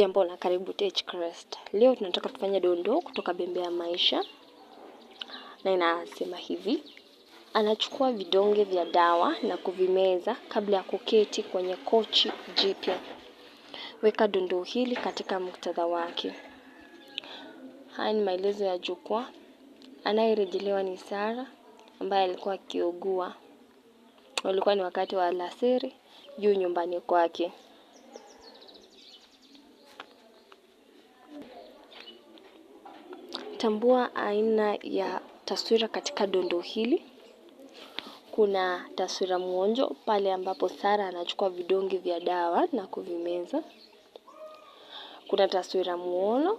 Jambo na karibu THCrest. Leo tunataka kufanya dondoo kutoka Bembea ya Maisha, na inasema hivi: anachukua vidonge vya dawa na kuvimeza kabla ya kuketi kwenye kochi jipya. Weka dondoo hili katika muktadha wake. Haya ni maelezo ya jukwaa. Anayerejelewa ni Sara ambaye alikuwa akiugua, walikuwa ni wakati wa alasiri juu nyumbani kwake. Tambua aina ya taswira katika dondo hili. Kuna taswira mwonjo pale ambapo Sara anachukua vidonge vya dawa na kuvimeza. Kuna taswira muono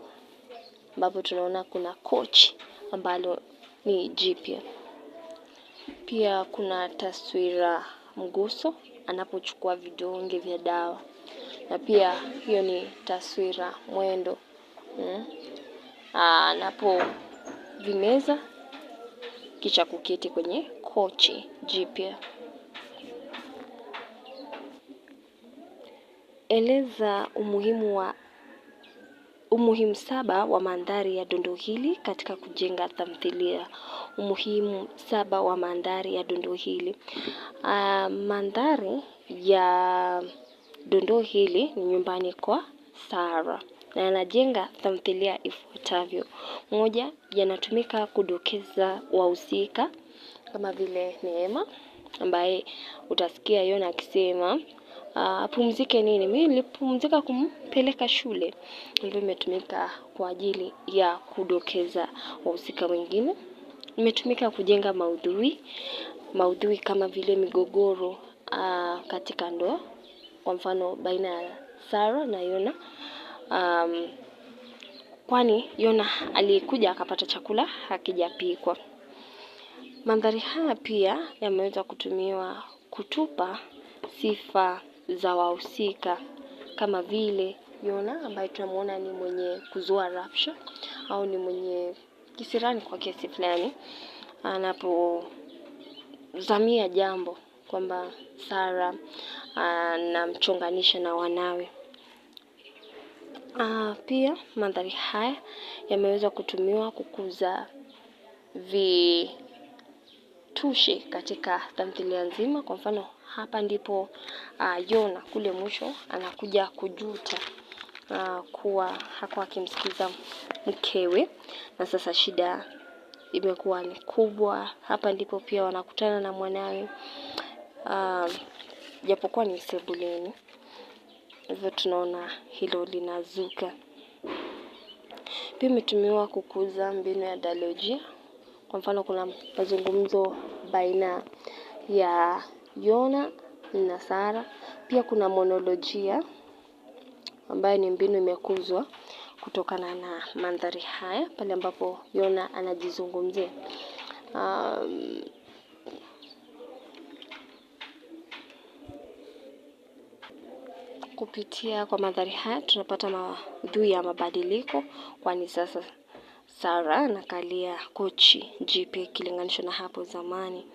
ambapo tunaona kuna kochi ambalo ni jipya. Pia kuna taswira mguso anapochukua vidonge vya dawa na pia hiyo ni taswira mwendo. Mm, anapovimeza kisha kuketi kwenye kochi jipya. Eleza umuhimu wa umuhimu saba wa mandhari ya dondo hili katika kujenga tamthilia. Umuhimu saba wa mandhari ya dondo hili. Uh, mandhari ya dondo hili ni nyumbani kwa Sara na yanajenga tamthilia ifuatavyo. Moja, yanatumika kudokeza wahusika kama vile Neema ambaye utasikia Yona akisema apumzike ah, nini, mimi nilipumzika kumpeleka shule, ambayo imetumika kwa ajili ya kudokeza wahusika wengine. Imetumika kujenga maudhui maudhui kama vile migogoro aa, ah, katika ndoa, kwa mfano baina ya Sara na Yona um, kwani Yona alikuja akapata chakula hakijapikwa. Mandhari haya pia yameweza kutumiwa kutupa sifa za wahusika kama vile Yona ambaye tunamwona ni mwenye kuzua rapsha au ni mwenye kisirani kwa kiasi fulani, anapozamia jambo kwamba Sara anamchonganisha na wanawe. Ah, pia mandhari haya yameweza kutumiwa kukuza vitushi katika tamthilia nzima. Kwa mfano, hapa ndipo ah, Yona kule mwisho anakuja kujuta ah, kuwa hakuwa akimsikiza mkewe, na sasa shida imekuwa ni kubwa. Hapa ndipo pia wanakutana na mwanawe, japokuwa ni sebuleni hivyo tunaona hilo linazuka. Pia imetumiwa kukuza mbinu ya dialojia. Kwa mfano, kuna mazungumzo baina ya Yona na Sara. Pia kuna monolojia ambayo ni mbinu imekuzwa kutokana na mandhari haya pale ambapo Yona anajizungumzia um, Kupitia kwa mandhari haya tunapata maudhui ya mabadiliko, kwani sasa Sara anakalia kochi jipya ikilinganishwa na hapo zamani.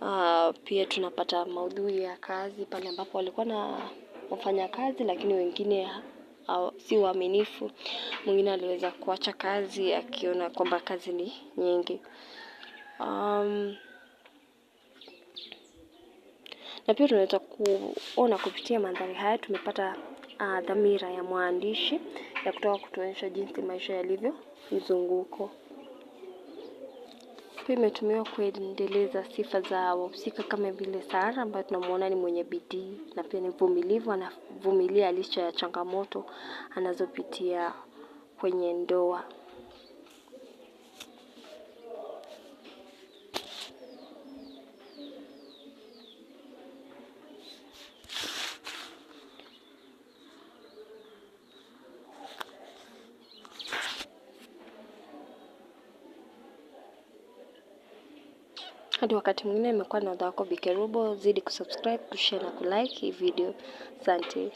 Uh, pia tunapata maudhui ya kazi pale ambapo walikuwa na wafanya kazi lakini wengine au, si waaminifu. Mwingine aliweza kuacha kazi akiona kwamba kazi ni nyingi. Um, na pia tunaweza kuona kupitia mandhari haya tumepata uh, dhamira ya mwandishi ya kutoka kutuonyesha jinsi maisha yalivyo mzunguko. Pia imetumiwa kuendeleza sifa za wahusika kama vile Sara ambayo tunamwona ni mwenye bidii na pia ni mvumilivu, anavumilia licha ya changamoto anazopitia kwenye ndoa. Hadi wakati mwingine, imekuwa na dha wako Bikerubo, zidi kusubscribe, kushare na kulike hii video. Asante.